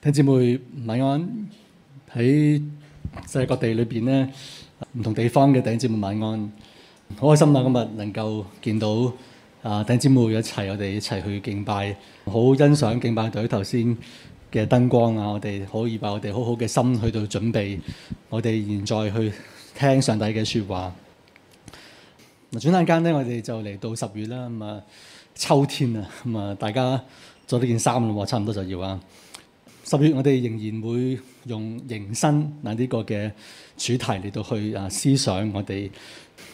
弟兄姊妹晚安！喺世界各地裏邊咧，唔同地方嘅弟兄姊妹晚安。好開心啊！今日能夠見到啊，弟、呃、兄姊妹一齊，我哋一齊去敬拜。好欣賞敬拜隊頭先嘅燈光啊！我哋可以把我哋好好嘅心去到準備，我哋現在去聽上帝嘅説話。嗱，轉眼間咧，我哋就嚟到十月啦。咁、嗯、啊，秋天啊，咁、嗯、啊，大家著呢件衫啦喎，差唔多就要啊。十月我哋仍然會用形。新」，嗱呢個嘅主題嚟到去啊，思想我哋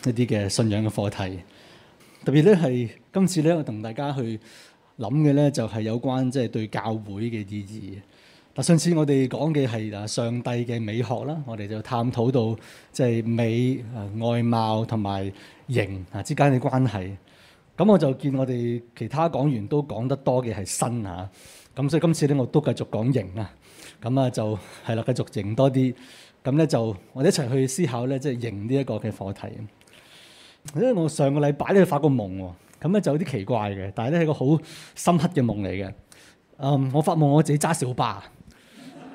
一啲嘅信仰嘅課題，特別咧係今次咧我同大家去諗嘅咧，就係有關即係對教會嘅意義。嗱，上次我哋講嘅係啊上帝嘅美學啦，我哋就探討到即係美啊、外貌同埋形啊之間嘅關係。咁我就見我哋其他講員都講得多嘅係新」。嚇。咁所以今次咧，我都繼續講型啊！咁啊就係啦，繼續型多啲。咁咧就我哋一齊去思考咧，即係型呢一個嘅課題。因為我上個禮拜咧發個夢喎，咁咧就有啲奇怪嘅，但係咧係個好深刻嘅夢嚟嘅。嗯，我發夢我自己揸小巴，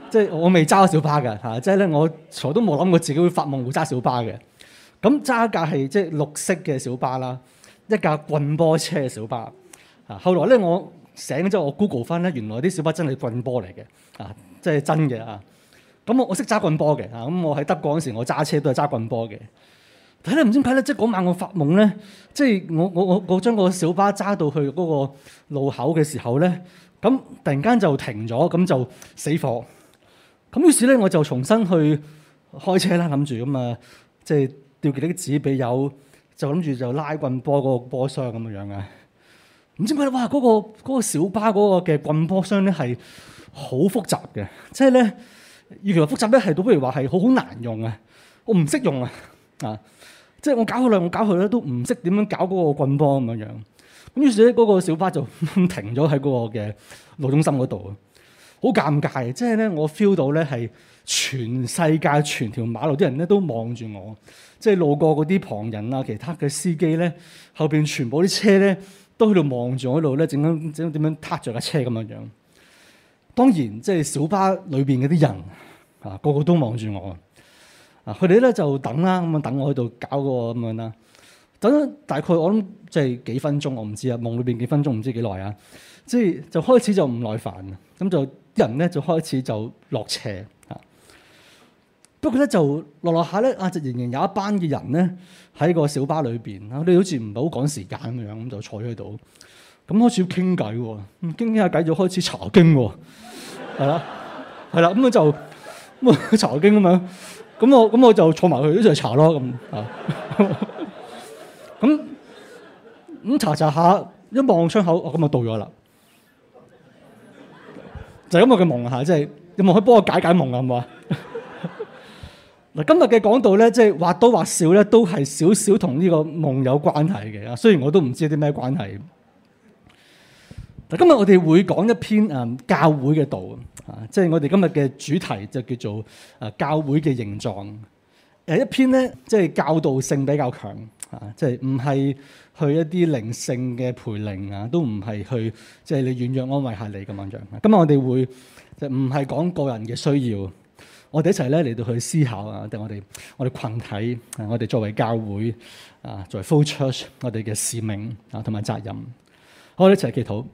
即係 我未揸過小巴㗎嚇。即係咧，我從來都冇諗過自己會發夢會揸小巴嘅。咁、啊、揸架係即係綠色嘅小巴啦，一架棍波車嘅小巴。嚇、啊，後來咧我。醒咗之後，我 Google 翻咧，原來啲小巴真係棍波嚟嘅，啊，即係真嘅啊。咁我我識揸棍波嘅，啊，咁我喺、啊、德國嗰時,時，我揸車都係揸棍波嘅。睇嚟唔知點解咧，即係嗰晚我發夢咧，即係我我我我將個小巴揸到去嗰個路口嘅時候咧，咁突然間就停咗，咁就死火。咁於是咧，我就重新去開車啦，諗住咁啊，即係掉幾啲紙俾友，就諗住就拉棍波嗰個波箱咁嘅樣啊。唔知點解哇！嗰個嗰個小巴嗰個嘅棍波箱咧係好複雜嘅，即係咧，與其話複雜咧，係倒不如話係好好難用啊！我唔識用啊！啊，即係我搞佢咧，我搞佢咧都唔識點樣搞嗰個棍波咁樣樣。咁於是咧，嗰個小巴就停咗喺嗰個嘅路中心嗰度啊，好尷尬，即係咧，我 feel 到咧係全世界全條馬路啲人咧都望住我，即係路過嗰啲旁人啊、其他嘅司機咧，後邊全部啲車咧。都喺度望住我喺度咧，整緊，整點樣撻着架車咁樣樣。當然即係小巴裏邊嗰啲人啊，個個都望住我啊。佢哋咧就等啦，咁啊等我喺度搞個咁樣啦。等咗大概我諗即係幾分鐘，我唔知啊，夢裏邊幾分鐘唔知幾耐啊。即係就開始就唔耐煩，咁就人咧就開始就落斜啊。不過咧就落落下咧，阿就仍然有一班嘅人咧喺個小巴裏邊啊，你好似唔係好趕時間咁樣，咁就坐喺度。咁開始傾偈喎，傾傾下偈就開始查經喎、啊，係啦，係啦，咁啊就咁啊查經咁樣，咁我咁我就坐埋去，去那那那那那那那一齊查咯咁啊。咁咁查查下一望窗口，哦咁就到咗啦。就咁、係、我嘅夢下，即、就、係、係、有冇可以幫我解解，解夢啊？好唔嗱，今日嘅講道咧，即係或多或少咧，都係少少同呢個夢有關係嘅。雖然我都唔知啲咩關係。嗱，今日我哋會講一篇誒教會嘅道啊，即係我哋今日嘅主題就叫做誒教會嘅形狀。誒一篇咧，即係教導性比較強啊，即係唔係去一啲靈性嘅培靈啊，都唔係去即係你軟弱安慰下你咁樣樣。今日我哋會就唔係講個人嘅需要。我哋一齊咧嚟到去思考啊！我哋我哋羣體，我哋作為教會啊，作為 Flow Church，我哋嘅使命啊同埋責任。好，我哋一齊祈禱。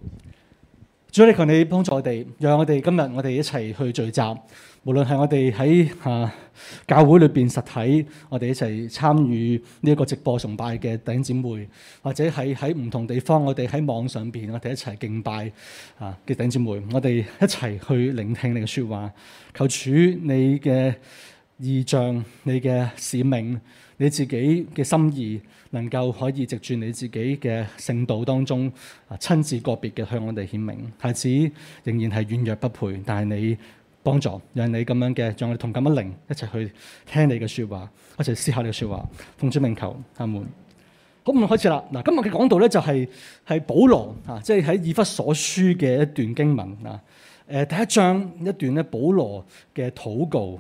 主，你求你幫助我哋，讓我哋今日我哋一齊去聚集，無論係我哋喺啊教會裏邊實體，我哋一齊參與呢一個直播崇拜嘅頂姊妹，或者係喺唔同地方，我哋喺網上邊我哋一齊敬拜啊嘅頂姊妹，我哋一齊去聆聽你嘅説話，求主你嘅。異象，你嘅使命，你自己嘅心意，能夠可以藉住你自己嘅聖道當中啊，親自個別嘅向我哋顯明。孩子仍然係軟弱不配，但係你幫助，讓你咁樣嘅，像我哋同咁一靈一齊去聽你嘅説話，一齊思考你嘅説話。奉主名求，阿們。好，咁開始啦。嗱，今日嘅講道咧就係、係、係保羅啊，即係喺以弗所書嘅一段經文啊。誒，第一章一段咧，保羅嘅禱告。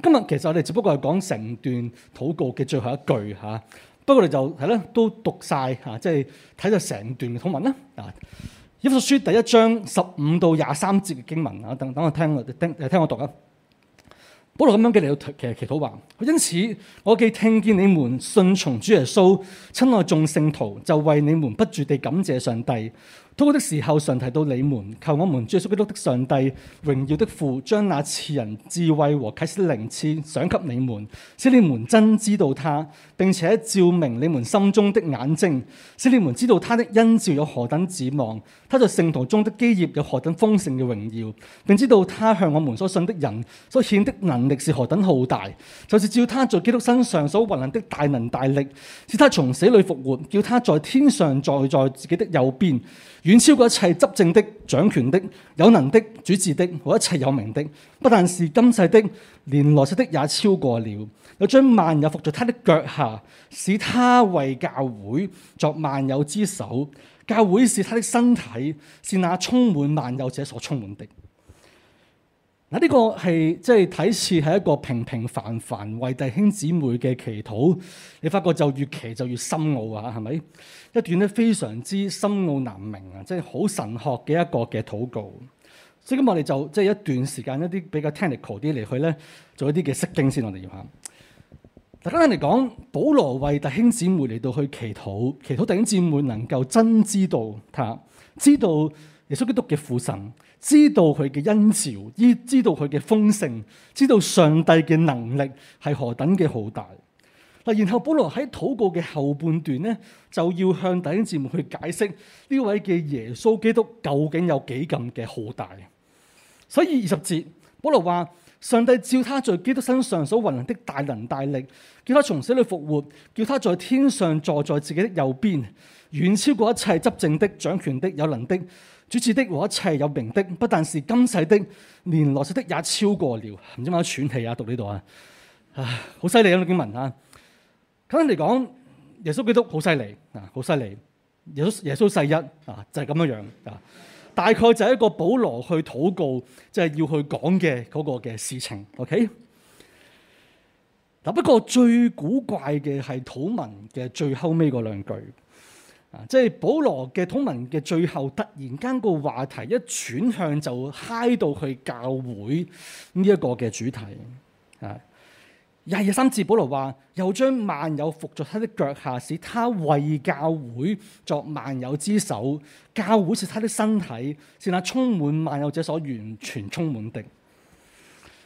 今日其實我哋只不過係講成段禱告嘅最後一句嚇，不過你就係咧都讀晒，嚇，即係睇到成段嘅短文啦。啊，以弗所書第一章十五到廿三節嘅經文啊，等等我聽我聽，聽我讀啊。保羅咁樣嘅嚟到，其實祈禱話，因此我既聽見你們信從主耶穌親愛眾聖徒，就為你們不住地感謝上帝。禱告的時候，常提到你們，求我們主耶穌基督的上帝榮耀的父，將那賜人智慧和啟示的靈賜賞給你們，使你們真知道他，並且照明你們心中的眼睛。使你們知道他的恩召有何等指望，他在聖徒中的基業有何等豐盛嘅榮耀，並知道他向我們所信的人所顯的能力是何等浩大，就是照他在基督身上所運行的大能大力，使他從死裏復活，叫他在天上坐在，在自己的右邊。遠超過一切執政的、掌權的、有能的、主治的和一切有名的，不但是今世的，連來世的也超過了。又將萬有伏在他的腳下，使他為教會作萬有之首。教會是他的身體，是那充滿萬有者所充滿的。嗱，呢個係即係睇似係一個平平凡凡為弟兄姊妹嘅祈禱，你發覺就越祈就越深奧啊！係咪一段咧非常之深奧難明啊，即係好神學嘅一個嘅禱告。所以今日我哋就即係、就是、一段時間一啲比較 technical 啲嚟去咧，做一啲嘅釋經先，我哋要下。大家嚟講，保羅為弟兄姊妹嚟到去祈禱，祈禱弟兄姊妹能夠真知道他，知道耶穌基督嘅父神。知道佢嘅恩召，知知道佢嘅豐盛，知道上帝嘅能力係何等嘅浩大。嗱，然後保羅喺禱告嘅後半段呢，就要向弟兄姊妹去解釋呢位嘅耶穌基督究竟有幾咁嘅浩大。所以二十節，保羅話：上帝照他在基督身上所運行的大能大力，叫他從死裏復活，叫他在天上坐在自己的右邊，遠超過一切執政的、掌權的、有能的。主治的和一切有名的，不但是今世的，連來世的也超過了。唔知點解喘氣啊？讀呢度啊，唉，好犀利啊！呢經文啊，簡單嚟講，耶穌基督好犀利啊，好犀利。耶穌耶穌世一啊，就係、是、咁樣樣啊。大概就係一個保羅去禱告，即、就、係、是、要去講嘅嗰個嘅事情。OK，嗱，不過最古怪嘅係禱文嘅最後尾嗰兩句。啊！即係保羅嘅通文嘅最後，突然間個話題一轉向，就嗨到去教會呢一個嘅主題。啊！廿二三節保羅話：又將萬有服在他的腳下，使他為教會作萬有之首。教會是他的身體，是那充滿萬有者所完全充滿的。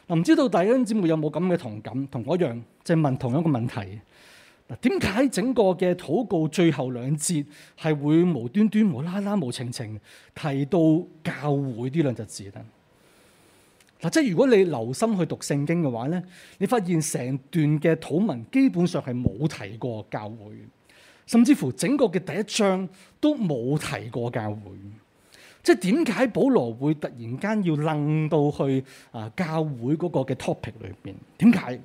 嗱，唔知道弟兄姊妹有冇咁嘅同感？同我一樣，即係問同一個問題。嗱，點解整個嘅禱告最後兩節係會無端端無啦啦無情情提到教會呢兩隻字咧？嗱，即係如果你留心去讀聖經嘅話咧，你發現成段嘅禱文基本上係冇提過教會，甚至乎整個嘅第一章都冇提過教會。即係點解保羅會突然間要楞到去啊教會嗰個嘅 topic 裏邊？點解？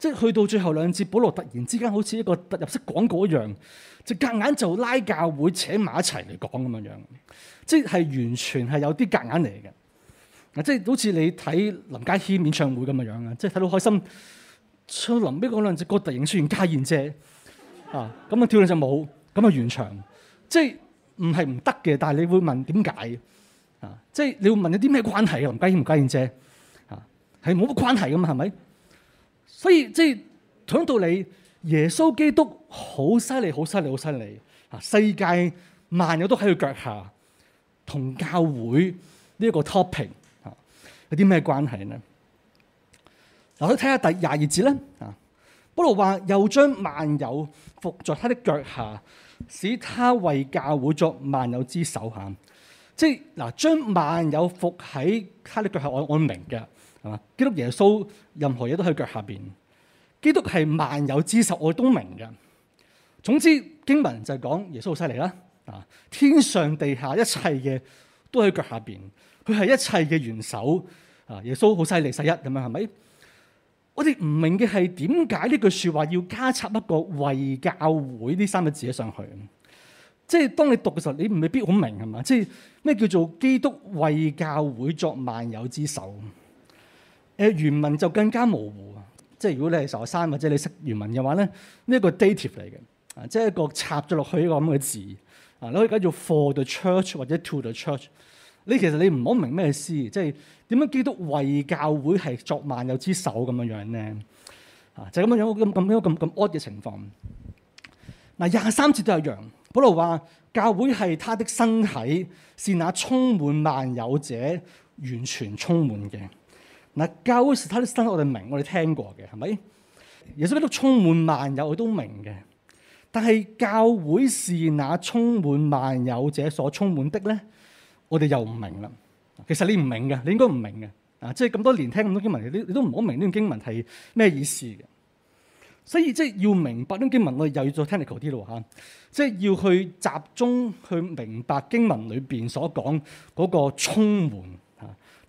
即係去到最後兩節，保羅突然之間好似一個突入式廣告一樣，就夾硬就拉教會扯埋一齊嚟講咁樣樣，即係完全係有啲夾硬嚟嘅。嗱，即係好似你睇林家謙演唱會咁嘅樣啊，即係睇到開心唱林邊講兩隻歌突然出現家燕姐啊，咁啊跳兩隻舞，咁啊完場。即係唔係唔得嘅，但係你會問點解啊？即係你會問有啲咩關係啊？林家謙同家燕姐啊，係冇乜關係㗎嘛？係咪？所以即係同樣道理，耶穌基督好犀利，好犀利，好犀利啊！世界萬有都喺佢腳下，同教會呢一個 topic 啊，有啲咩關係咧？嗱，我睇下第廿二節咧啊，保羅話：又將萬有伏在他的腳下，使他為教會作萬有之首。嚇、就是，即係嗱，將萬有伏喺他的腳下，我我明嘅。係嘛？基督耶穌任何嘢都喺腳下邊。基督係萬有之首，我都明嘅。總之經文就係講耶穌好犀利啦。啊，天上地下一切嘅都喺腳下邊。佢係一切嘅元首。啊，耶穌好犀利，十一咁樣係咪？我哋唔明嘅係點解呢句說話要加插一個為教會呢三個字上去？即係當你讀嘅時候，你未必好明係嘛？即係咩叫做基督為教會作萬有之首？誒原文就更加模糊啊！即係如果你係傻生或者你識原文嘅話咧，呢一個 dative 嚟嘅啊，即係一個插咗落去的一個咁嘅字啊，你可以解做 for the church 或者 to the church。你其實你唔好明咩意思，即係點樣基督為教會係作萬有之首咁樣樣咧啊，就咁樣樣咁咁咁咁 odd 嘅情況。嗱，廿三節都係一樣，保羅話：教會係他的身體，是那充滿萬有者完全充滿嘅。嗱，教會是他的身，我哋明，我哋聽過嘅，係咪？耶穌都充滿萬有，佢都明嘅。但係教會是那充滿萬有者所充滿的咧，我哋又唔明啦。其實你唔明嘅，你應該唔明嘅。啊，即係咁多年聽咁多經文，你你都唔好明呢段經文係咩意思嘅。所以即係要明白呢段經文，我哋又要做 technical 啲咯嚇。即係要去集中去明白經文裏邊所講嗰個充滿。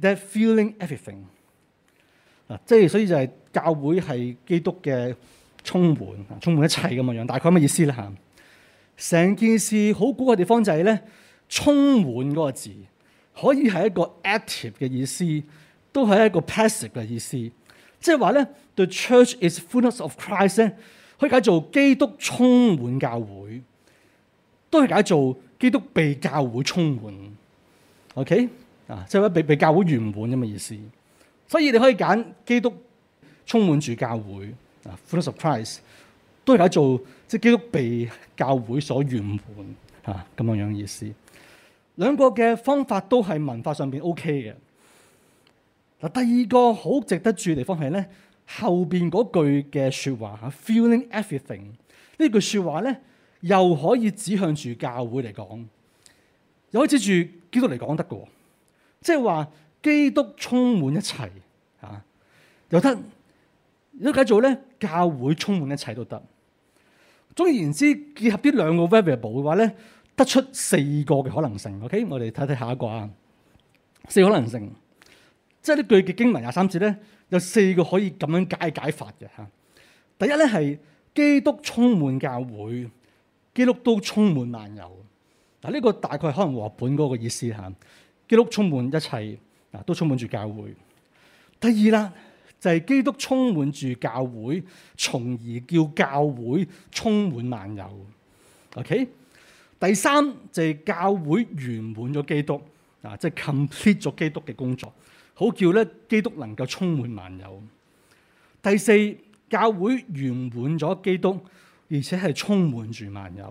That feeling, everything 嗱、啊，即係所以就係教會係基督嘅充滿，充滿一切咁嘅樣。大概乜意思咧？嚇，成件事好古嘅地方就係咧，充滿嗰個字可以係一個 active 嘅意思，都係一個 passive 嘅意思。即係話咧，the church is fullness of Christ 咧，可以解做基督充滿教會，都可以解做基督被教會充滿。OK。啊，即係俾被教會圓滿咁嘅意思，所以你可以揀基督充滿住教會、啊、，full of surprise，都係喺做即係、就是、基督被教會所圓滿嚇咁樣樣嘅意思。兩個嘅方法都係文化上邊 OK 嘅。嗱、啊，第二個好值得注意嘅地方係咧，後邊嗰句嘅説話、mm hmm.，feeling everything 句話呢句説話咧，又可以指向住教會嚟講，又可以指住基督嚟講得嘅喎。即係話基督充滿一切啊，又得又得解做咧，教會充滿一切都得。總而言之，結合呢兩個 variable 嘅話咧，得出四個嘅可能性。OK，我哋睇睇下一個啊，四個可能性，即係呢句嘅經文廿三節咧，有四個可以咁樣解解法嘅吓。第一咧係基督充滿教會，基督都充滿萬有。嗱、這、呢個大概可能是和合本嗰個意思吓。基督充滿一切嗱，都充滿住教會。第二啦，就係、是、基督充滿住教會，從而叫教會充滿萬有。OK，第三就係、是、教會圓滿咗基督嗱，即、就、係、是、complete 咗基督嘅工作，好叫咧基督能夠充滿萬有。第四，教會圓滿咗基督，而且係充滿住萬有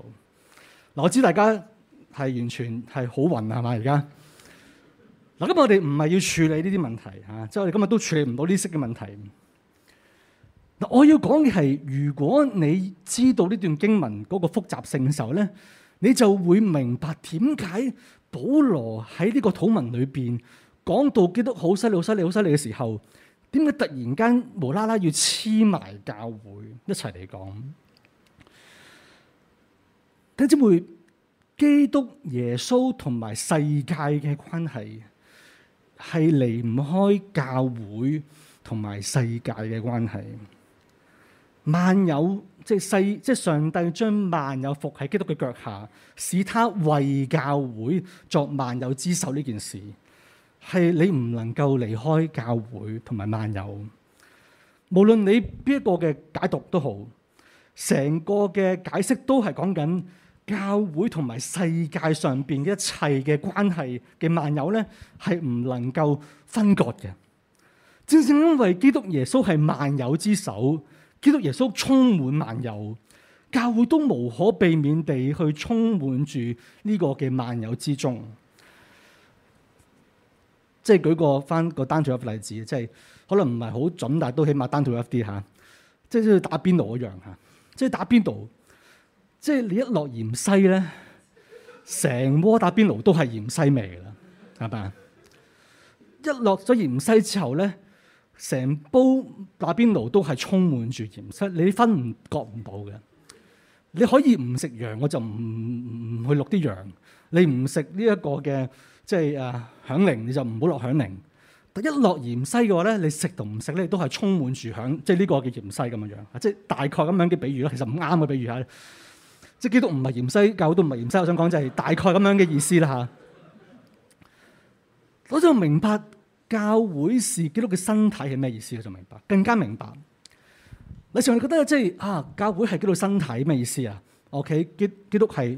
嗱。我知大家係完全係好暈啊嘛，而家。嗱，今日我哋唔係要處理呢啲問題嚇，即係我哋今日都處理唔到呢息嘅問題。嗱，我要講嘅係，如果你知道呢段經文嗰個複雜性嘅時候咧，你就會明白點解保羅喺呢個土文裏邊講到基督好犀利、好犀利、好犀利嘅時候，點解突然間無啦啦要黐埋教會一齊嚟講？睇下會基督耶穌同埋世界嘅關係。係離唔開教會同埋世界嘅關係。萬有即係、就是、世即係、就是、上帝將萬有伏喺基督嘅腳下，使他為教會作萬有之首呢件事，係你唔能夠離開教會同埋萬有。無論你邊一個嘅解讀都好，成個嘅解釋都係講緊。教會同埋世界上邊嘅一切嘅關係嘅萬有咧，係唔能夠分割嘅。正正因為基督耶穌係萬有之首，基督耶穌充滿萬有，教會都無可避免地去充滿住呢個嘅萬有之中。即係舉個翻個單獨嘅例子，即係可能唔係好準，但係都起碼單獨一啲嚇。即係打邊爐一樣嚇，即係打邊爐。即係你一落芫茜咧，成鍋打邊爐都係芫茜味㗎啦，係咪？一落咗芫茜之後咧，成煲打邊爐都係充滿住芫茜，你分唔覺唔到嘅。你可以唔食羊，我就唔唔去落啲羊。你唔食呢一個嘅即係誒響鈴，你就唔好落響鈴。一落芫茜嘅話咧，你食同唔食咧都係充滿住響，即係呢個嘅芫茜咁嘅樣，即係大概咁樣嘅比喻咯。其實唔啱嘅比喻係。即基督唔係嚴西，教都唔係嚴西，我想講就係大概咁樣嘅意思啦吓。我就明白教會是基督嘅身體係咩意思？我就明白，更加明白。你成日覺得即係啊，教會係基督身體咩意思啊？OK，基督係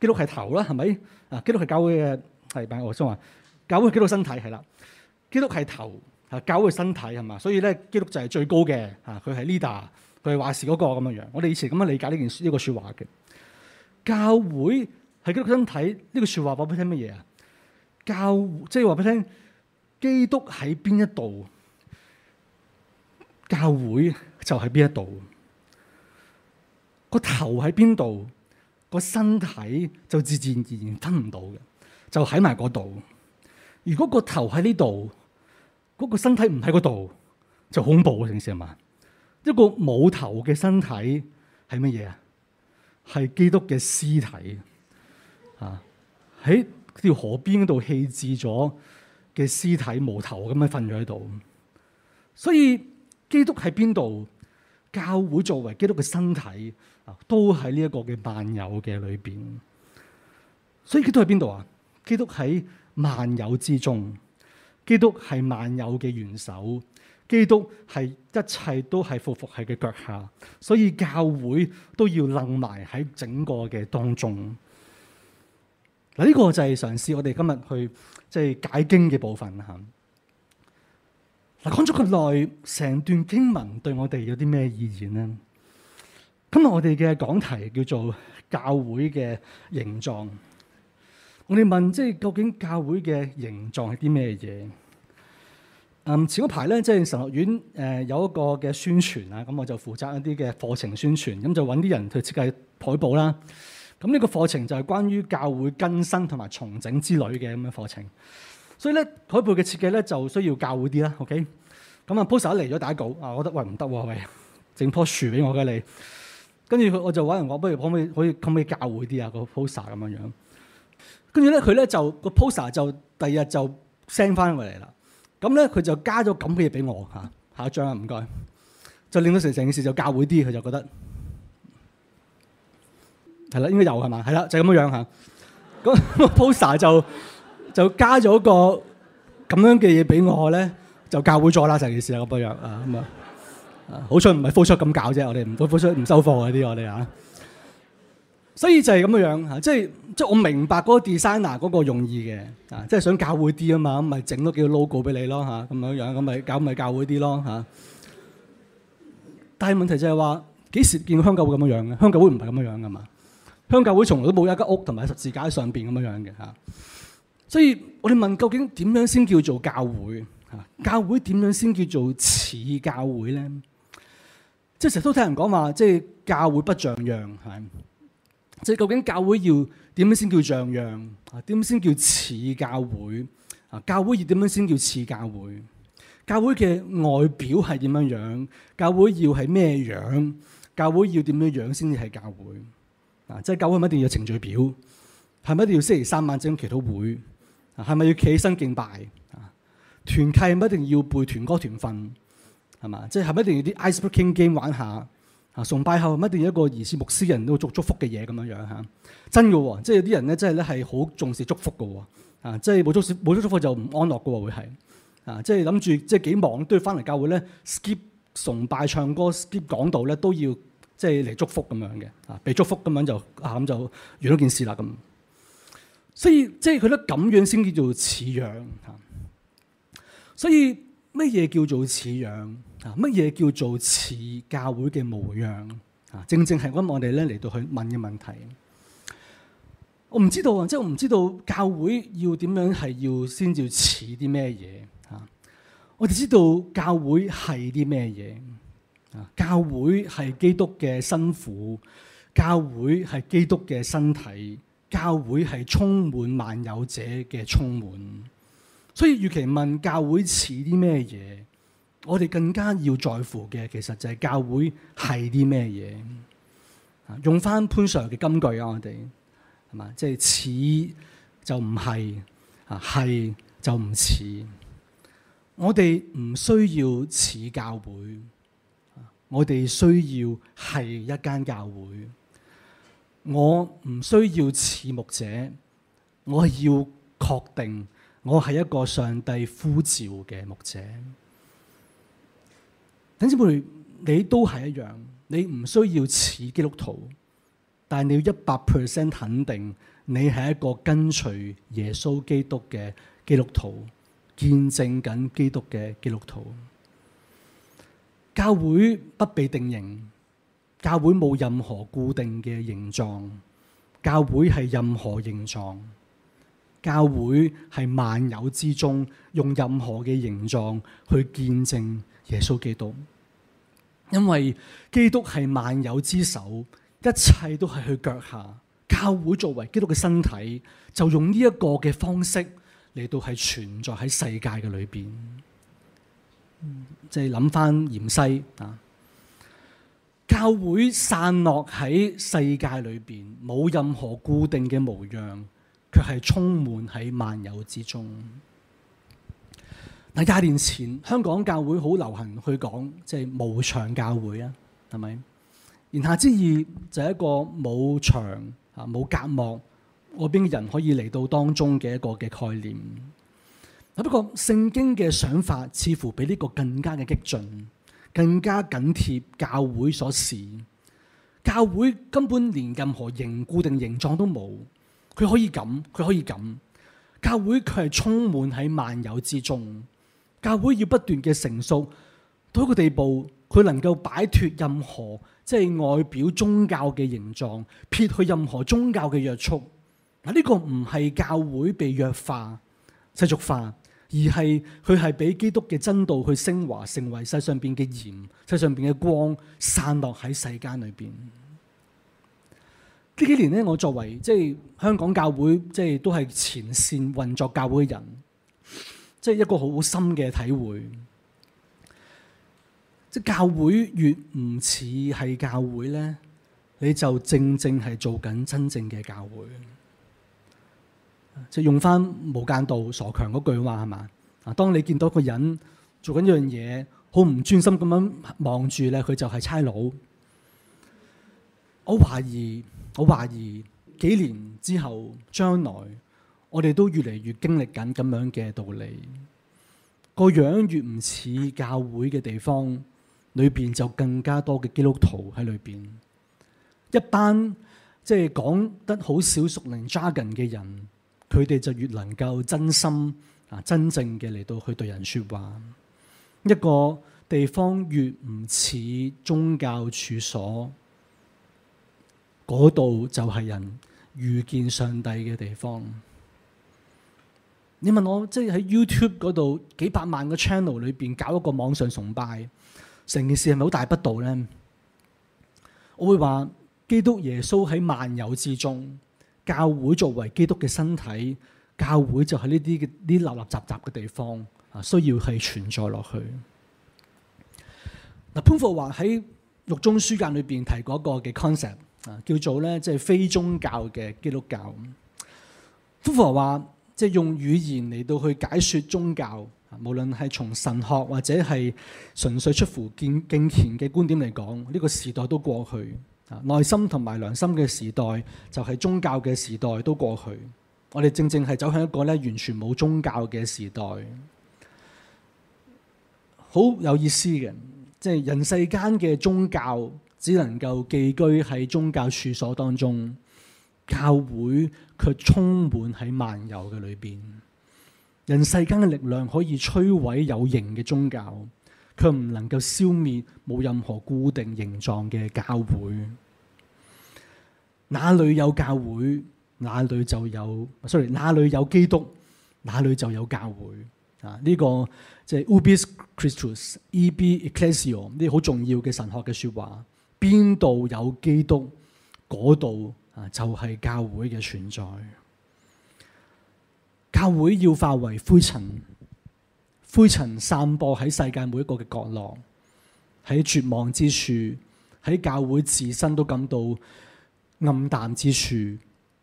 基督係頭啦，係咪啊？基督係教會嘅係，但係我想話，教會基督身體係啦，基督係頭啊，教會身體係嘛，所以咧基督就係最高嘅，佢係 leader，佢係話事嗰個咁樣樣。我哋以前咁樣理解呢件呢個說話嘅。教會係基督嘅身體呢句、這個、說話話俾你聽乜嘢啊？教即係話俾你聽基督喺邊一度，教會就喺邊一度。個頭喺邊度，個身體就自然而然吞唔到嘅，就喺埋嗰度。如果個頭喺呢度，嗰個身體唔喺嗰度，就恐怖啊！成係咪嘛，一個冇頭嘅身體係乜嘢啊？係基督嘅屍體，啊，喺條河邊度棄置咗嘅屍體，無頭咁樣瞓咗喺度。所以基督喺邊度？教會作為基督嘅身體，啊，都喺呢一個嘅萬有嘅裏邊。所以基督喺邊度啊？基督喺萬有之中，基督係萬有嘅元首。基督係一切都係匍匐喺佢嘅腳下，所以教會都要楞埋喺整個嘅當中。嗱，呢個就係嘗試我哋今日去即係解經嘅部分啦。嗱，講咗咁耐，成段經文對我哋有啲咩意義咧？今日我哋嘅講題叫做教會嘅形狀。我哋問，即係究竟教會嘅形狀係啲咩嘢？嗯，前嗰排咧，即係神學院誒有一個嘅宣傳啊，咁我就負責一啲嘅課程宣傳，咁就揾啲人去設計海報啦。咁、這、呢個課程就係關於教會更新同埋重整之類嘅咁嘅課程。所以咧，海報嘅設計咧就需要教會啲啦。OK，咁啊，poster 嚟咗打稿啊，我覺得，喂，唔得喎，整棵樹俾我㗎你？跟住佢，我就揾人講，不如可唔可以可以可唔可以教會啲啊個 poster 咁樣樣。跟住咧，佢咧就個 poster 就第二日就 send 返過嚟啦。咁咧，佢就加咗咁嘅嘢俾我嚇，下一張啊，唔該，就令到成成件事就教會啲，佢就覺得係啦，應該有係嘛，係啦，就係、是、咁樣樣嚇。咁 poster 就就加咗個咁樣嘅嘢俾我咧，就教會咗啦成件事啊咁樣、嗯嗯 er、樣啊咁啊，好彩唔係 full 出咁搞啫，我哋唔會 full 出唔收貨嗰啲我哋嚇。所以就係咁樣樣嚇，即係即係我明白嗰個 designer 嗰個用意嘅，啊，即係想教會啲啊嘛，咁咪整多幾個 logo 俾你咯嚇，咁樣樣咁咪教咪教會啲咯嚇。但係問題就係話幾時見到鄉教會咁樣樣嘅？鄉教會唔係咁樣樣噶嘛，鄉教會從來都冇一間屋同埋十字架喺上邊咁樣樣嘅嚇。所以我哋問究竟點樣先叫做教會？嚇，教會點樣先叫做似教會咧？即係成日都聽人講話，即係教會不像樣係。即係究竟教會要點樣先叫象樣啊？點先叫似教會啊？教會要點樣先叫似教會？教會嘅外表係點樣樣？教會要係咩樣？教會要點樣樣先至係教會啊？即係教會唔一定要有程序表，係咪一定要星期三晚整祈禱會？係咪要企起身敬拜啊？團契唔一定要背團歌團訓，係嘛？即係係咪一定要啲 ice breaking game 玩下？崇拜後一定有一個疑似牧師人都做祝福嘅嘢咁樣樣嚇，真嘅喎，即係有啲人咧，真係咧係好重視祝福嘅喎，啊，即係冇祝福冇咗祝福就唔安樂嘅喎會係，啊，即係諗住即係幾忙都要翻嚟教會咧 skip 崇拜唱歌 skip 講道咧都要即係嚟祝福咁樣嘅，啊，被祝福咁樣就啊咁就完咗件事啦，咁，所以即係佢咧咁樣先叫做似樣嚇，所以乜嘢叫做似樣？啊！乜嘢叫做似教會嘅模樣？啊，正正係我我哋咧嚟到去問嘅問題。我唔知道啊，即係我唔知道教會要點樣係要先至似啲咩嘢。啊，我哋知道教會係啲咩嘢？啊，教會係基督嘅新婦，教會係基督嘅身體，教會係充滿萬有者嘅充滿。所以，與其問教會似啲咩嘢？我哋更加要在乎嘅，其實就係教會係啲咩嘢？用翻潘 Sir 嘅金句啊，我哋係嘛？即係似就唔係，啊係就唔似。我哋唔需要似教會，我哋需要係一間教會。我唔需要似牧者，我要確定我係一個上帝呼召嘅牧者。等住佢，你都係一樣，你唔需要似基督徒，但係你要一百 percent 肯定你係一個跟隨耶穌基督嘅基督徒，見證緊基督嘅基督徒。教會不被定型，教會冇任何固定嘅形狀，教會係任何形狀。教會係萬有之中，用任何嘅形狀去見證耶穌基督，因為基督係萬有之首，一切都係佢腳下。教會作為基督嘅身體，就用呢一個嘅方式嚟到係存在喺世界嘅裏邊。即係諗翻芫茜啊，教會散落喺世界裏邊，冇任何固定嘅模樣。卻係充滿喺萬有之中。嗱，廿年前香港教會好流行去講即係無牆教會啊，係咪？言下之意就係一個冇牆啊冇隔膜，嗰邊嘅人可以嚟到當中嘅一個嘅概念。但不過聖經嘅想法似乎比呢個更加嘅激進，更加緊貼教會所示。教會根本連任何形固定形狀都冇。佢可以咁，佢可以咁。教會佢係充滿喺萬有之中，教會要不斷嘅成熟，到一個地步，佢能夠擺脫任何即係外表宗教嘅形狀，撇去任何宗教嘅約束。嗱，呢個唔係教會被弱化、世俗化，而係佢係俾基督嘅真道去升華，成為世上邊嘅鹽，世上邊嘅光，散落喺世間裏邊。呢幾年咧，我作為即係香港教會，即係都係前線運作教會嘅人，即係一個好深嘅體會。即係教會越唔似係教會咧，你就正正係做緊真正嘅教會。即係用翻無間道傻強嗰句話係嘛？啊，當你見到個人做緊一樣嘢，好唔專心咁樣望住咧，佢就係差佬。我懷疑。我懷疑幾年之後，將來我哋都越嚟越經歷緊咁樣嘅道理。個樣越唔似教會嘅地方，裏邊就更加多嘅基督徒喺裏邊。一班即係講得好少熟稔 Jargon 嘅人，佢哋就越能夠真心啊，真正嘅嚟到去對人說話。一個地方越唔似宗教處所，嗰度就係人遇見上帝嘅地方。你問，我，即係喺 YouTube 嗰度幾百萬個 channel 裏邊搞一個網上崇拜，成件事係咪好大不道咧？我會話基督耶穌喺萬有之中，教會作為基督嘅身體，教會就喺呢啲呢立立雜雜嘅地方啊，需要係存在落去。嗱，潘霍華喺獄中書簡裏邊提過一個嘅 concept。叫做咧，即係非宗教嘅基督教。夫婦話，即係用語言嚟到去解說宗教，無論係從神學或者係純粹出乎敬敬虔嘅觀點嚟講，呢個時代都過去。啊，內心同埋良心嘅時代就係宗教嘅時代都過去。我哋正正係走向一個咧完全冇宗教嘅時代，好有意思嘅，即係人世間嘅宗教。只能夠寄居喺宗教處所當中，教會卻充滿喺漫遊嘅裏面。人世間嘅力量可以摧毀有形嘅宗教，卻唔能夠消滅冇任何固定形狀嘅教會。哪裏有教會，哪裏就有。sorry，哪裏有基督，哪裏就有教會。啊，呢個即係 Ubi Christus, ibi Ecclesia 呢啲好重要嘅神學嘅說話。邊度有基督，嗰度啊就係教會嘅存在。教會要化為灰塵，灰塵散播喺世界每一個嘅角落，喺絕望之處，喺教會自身都感到暗淡之處，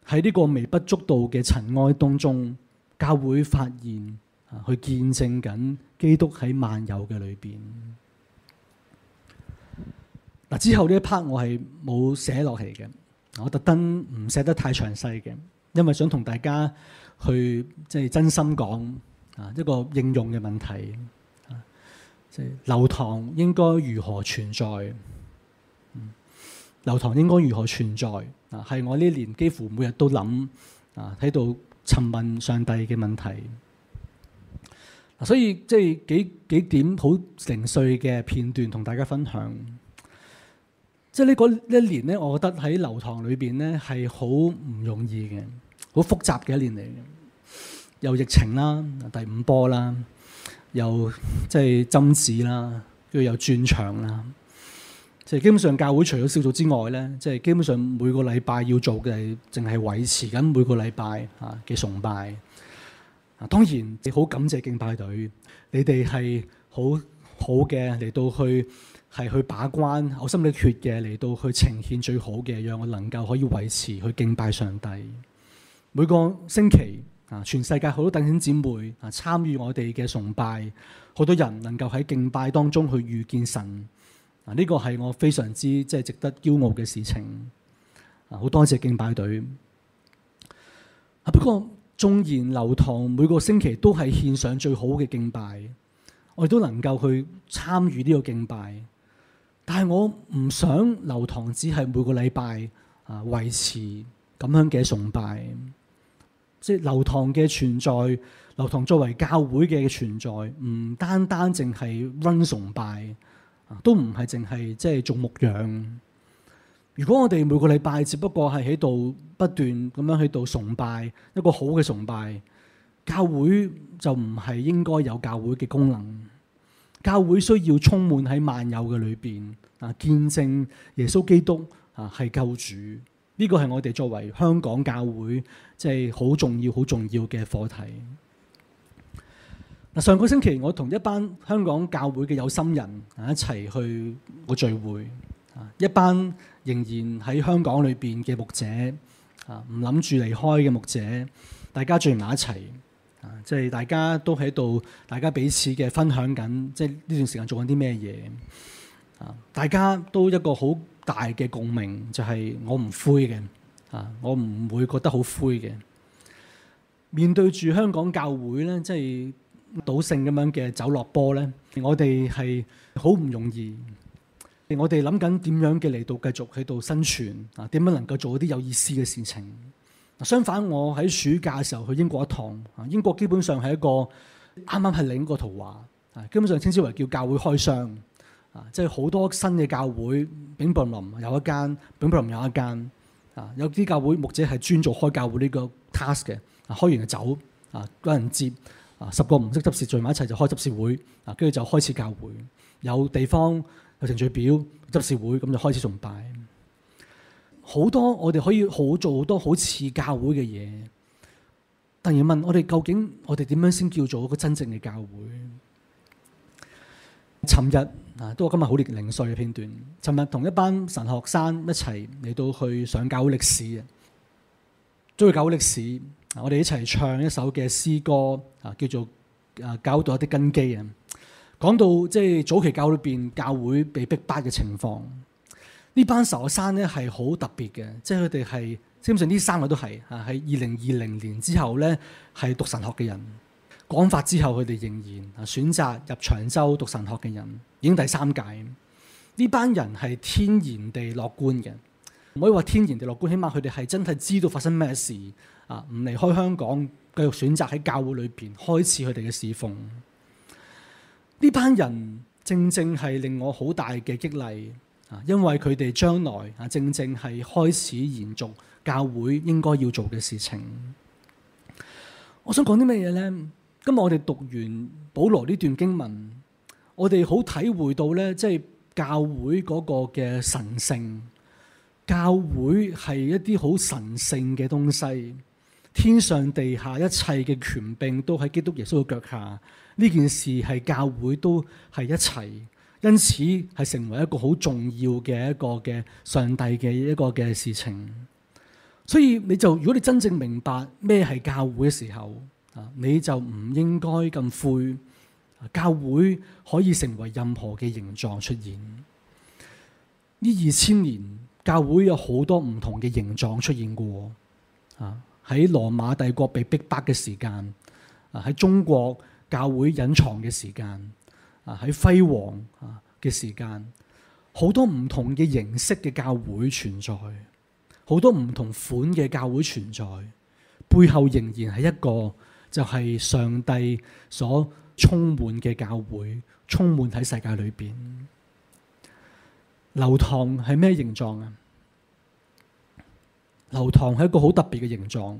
喺呢個微不足道嘅塵埃當中，教會發現去見證緊基督喺萬有嘅裏邊。嗱，之後呢一 part 我係冇寫落嚟嘅，我特登唔寫得太詳細嘅，因為想同大家去即係真心講啊一個應用嘅問題，即係流堂應該如何存在？嗯，流堂應該如何存在啊？係我呢年幾乎每日都諗啊，喺度尋問上帝嘅問題，所以即係幾幾點好零碎嘅片段同大家分享。即係呢嗰一年咧，我覺得喺流堂裏邊咧係好唔容易嘅，好複雜嘅一年嚟嘅。又疫情啦，第五波啦，又即係針子啦，跟住又轉場啦。即係基本上教會除咗小組之外咧，即係基本上每個禮拜要做嘅，淨係維持緊每個禮拜嚇嘅崇拜。啊，當然你好感謝敬拜隊，你哋係好。好嘅嚟到去係去把關，我心裏缺嘅嚟到去呈現最好嘅，讓我能夠可以維持去敬拜上帝。每個星期啊，全世界好多弟兄姐妹啊，參與我哋嘅崇拜，好多人能夠喺敬拜當中去遇見神啊，呢個係我非常之即係值得驕傲嘅事情啊！好多謝敬拜隊啊，不過縱然流堂，每個星期都係獻上最好嘅敬拜。我亦都能夠去參與呢個敬拜，但係我唔想流堂只係每個禮拜啊維持咁樣嘅崇拜，即係流堂嘅存在，流堂作為教會嘅存在，唔單單淨係 run 崇拜，都唔係淨係即係做牧養。如果我哋每個禮拜只不過係喺度不斷咁樣喺度崇拜一個好嘅崇拜。教會就唔係應該有教會嘅功能，教會需要充滿喺萬有嘅裏邊啊，見證耶穌基督啊係救主，呢個係我哋作為香港教會即係好重要、好重要嘅課題。嗱，上個星期我同一班香港教會嘅有心人啊一齊去個聚會啊，一班仍然喺香港裏邊嘅牧者啊唔諗住離開嘅牧者，大家聚埋一齊。即係大家都喺度，大家彼此嘅分享緊，即係呢段時間做緊啲咩嘢？啊，大家都一個好大嘅共鳴，就係我唔灰嘅，啊，我唔會覺得好灰嘅。面對住香港教會咧，即係倒盛咁樣嘅走落波咧，我哋係好唔容易。我哋諗緊點樣嘅嚟到繼續喺度生存啊？點樣能夠做一啲有意思嘅事情？相反，我喺暑假嘅時候去英國一趟，英國基本上係一個啱啱係另一個圖畫，啊，基本上稱之為叫教會開商，啊，即係好多新嘅教會，丙布林有一間，丙布林有一間，啊，有啲教會牧者係專做開教會呢個 task 嘅，啊，開完就走，啊，揾人接，啊，十個唔識執事聚埋一齊就開執事會，啊，跟住就開始教會，有地方有程序表，執事會咁就開始崇拜。好多我哋可以好做好多好似教會嘅嘢，突然問我哋究竟我哋點樣先叫做一個真正嘅教會？尋日啊，都今日好零碎嘅片段。尋日同一班神學生一齊嚟到去上教會歷史都追教會歷史，我哋一齊唱一首嘅詩歌啊，叫做啊教會獨一根基啊，講到即係早期教裏面教會被逼迫嘅情況。呢班學生咧係好特別嘅，即係佢哋係基本上呢三個都係啊，喺二零二零年之後咧係讀神學嘅人，講法之後佢哋仍然啊選擇入長洲讀神學嘅人，已經第三屆。呢班人係天然地樂觀嘅，唔可以話天然地樂觀，起碼佢哋係真係知道發生咩事啊，唔離開香港，繼續選擇喺教會裏邊開始佢哋嘅侍奉。呢班人正正係令我好大嘅激勵。啊！因為佢哋將來啊，正正係開始延續教會應該要做嘅事情。我想講啲咩嘢呢？今日我哋讀完保羅呢段經文，我哋好體會到呢，即係教會嗰個嘅神性。教會係一啲好神性嘅東西，天上地下一切嘅權柄都喺基督耶穌嘅腳下。呢件事係教會都係一切。因此係成為一個好重要嘅一個嘅上帝嘅一個嘅事情，所以你就如果你真正明白咩係教會嘅時候啊，你就唔應該咁灰。教會可以成為任何嘅形狀出現。呢二千年教會有好多唔同嘅形狀出現過啊！喺羅馬帝國被逼迫嘅時間啊，喺中國教會隱藏嘅時間。啊，喺輝煌嘅時間，好多唔同嘅形式嘅教會存在，好多唔同款嘅教會存在，背後仍然係一個就係上帝所充滿嘅教會，充滿喺世界裏面。流堂係咩形狀啊？流堂係一個好特別嘅形狀，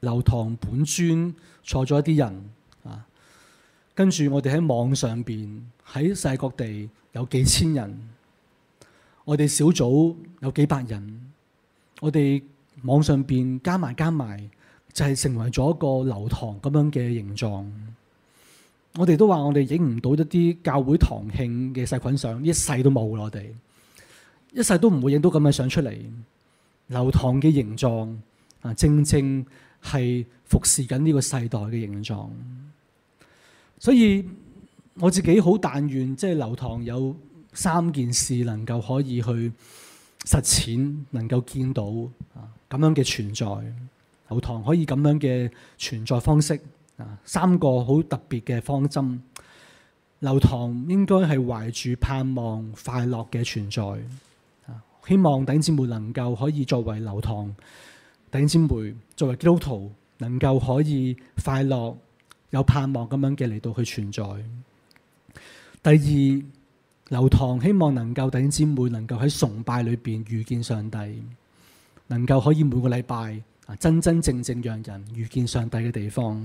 流堂本尊坐咗一啲人。跟住我哋喺網上邊，喺世界各地有幾千人，我哋小組有幾百人，我哋網上邊加埋加埋，就係成為咗一個流堂咁樣嘅形狀。我哋都話我哋影唔到一啲教會堂慶嘅細菌相，一世都冇咯，我哋一世都唔會影到咁嘅相出嚟。流堂嘅形狀啊，正正係服侍緊呢個世代嘅形狀。所以我自己好但願，即係流堂有三件事能夠可以去實踐，能夠見到啊咁樣嘅存在，流堂可以咁樣嘅存在方式啊，三個好特別嘅方針，流堂應該係懷住盼望快樂嘅存在啊，希望弟兄姊妹能夠可以作為流堂，弟兄姊妹，作為基督徒能夠可以快樂，有盼望咁樣嘅嚟到去存在。第二，流堂希望能夠弟兄姊妹能夠喺崇拜裏邊遇見上帝，能夠可以每個禮拜啊真真正正讓人遇見上帝嘅地方。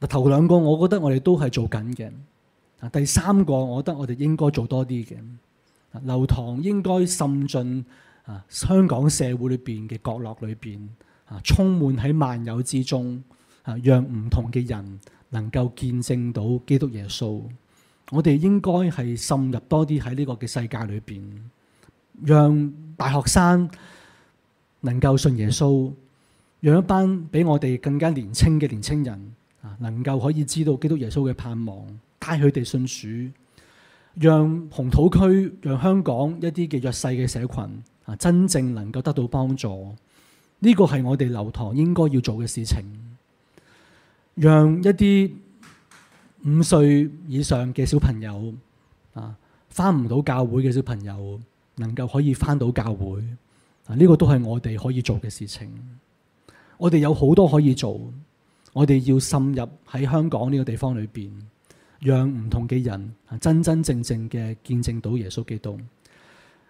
頭兩個我覺得我哋都係做緊嘅。啊第三個我覺得我哋應該做多啲嘅。流堂應該滲進啊香港社會裏邊嘅角落裏邊啊充滿喺萬有之中。啊！讓唔同嘅人能夠見證到基督耶穌，我哋應該係深入多啲喺呢個嘅世界裏面。讓大學生能夠信耶穌，讓一班比我哋更加年輕嘅年青人啊，能夠可以知道基督耶穌嘅盼望，帶佢哋信主，讓紅土區、讓香港一啲嘅弱勢嘅社群啊，真正能夠得到幫助。呢個係我哋流堂應該要做嘅事情。讓一啲五歲以上嘅小朋友啊，翻唔到教會嘅小朋友，啊、回朋友小朋友能夠可以翻到教會，啊呢個都係我哋可以做嘅事情。我哋有好多可以做，我哋要滲入喺香港呢個地方裏邊，讓唔同嘅人真真正正嘅見證到耶穌基督。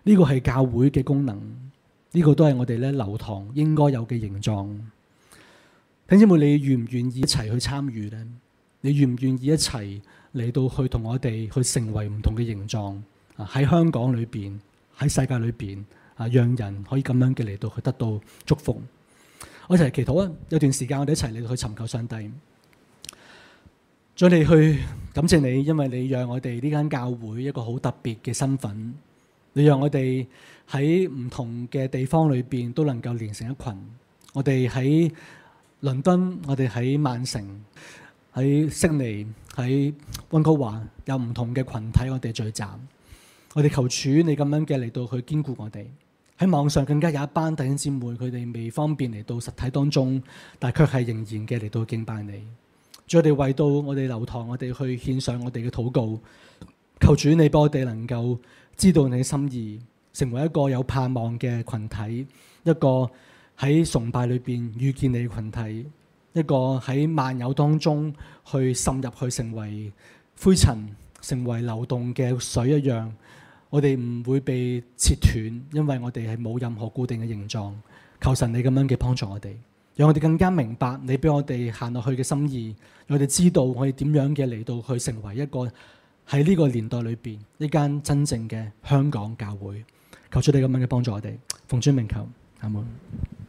呢個係教會嘅功能，呢個都係我哋咧流堂應該有嘅形狀。咁姊妹，你願唔願意一齊去參與呢？你願唔願意一齊嚟到去同我哋去成為唔同嘅形狀？喺香港裏邊，喺世界裏邊，啊，讓人可以咁樣嘅嚟到去得到祝福。我一齊祈禱啊！有段時間我哋一齊嚟到去尋求上帝，再嚟去感謝你，因為你讓我哋呢間教會一個好特別嘅身份，你讓我哋喺唔同嘅地方裏邊都能夠連成一群。我哋喺……倫敦，我哋喺曼城、喺悉尼、喺溫哥華，有唔同嘅群體，我哋聚集。我哋求主你，你咁樣嘅嚟到去堅固我哋。喺網上更加有一班弟兄姊妹，佢哋未方便嚟到實體當中，但係卻係仍然嘅嚟到敬拜你。我哋為到我哋流堂，我哋去獻上我哋嘅禱告。求主，你幫我哋能夠知道你心意，成為一個有盼望嘅群體，一個，喺崇拜裏邊遇見你的群體，一個喺萬有當中去滲入去成為灰塵，成為流動嘅水一樣。我哋唔會被切斷，因為我哋係冇任何固定嘅形狀。求神你咁樣嘅幫助我哋，讓我哋更加明白你俾我哋行落去嘅心意。讓我哋知道我哋點樣嘅嚟到去成為一個喺呢個年代裏邊一間真正嘅香港教會。求主你咁樣嘅幫助我哋，奉主名求阿門。下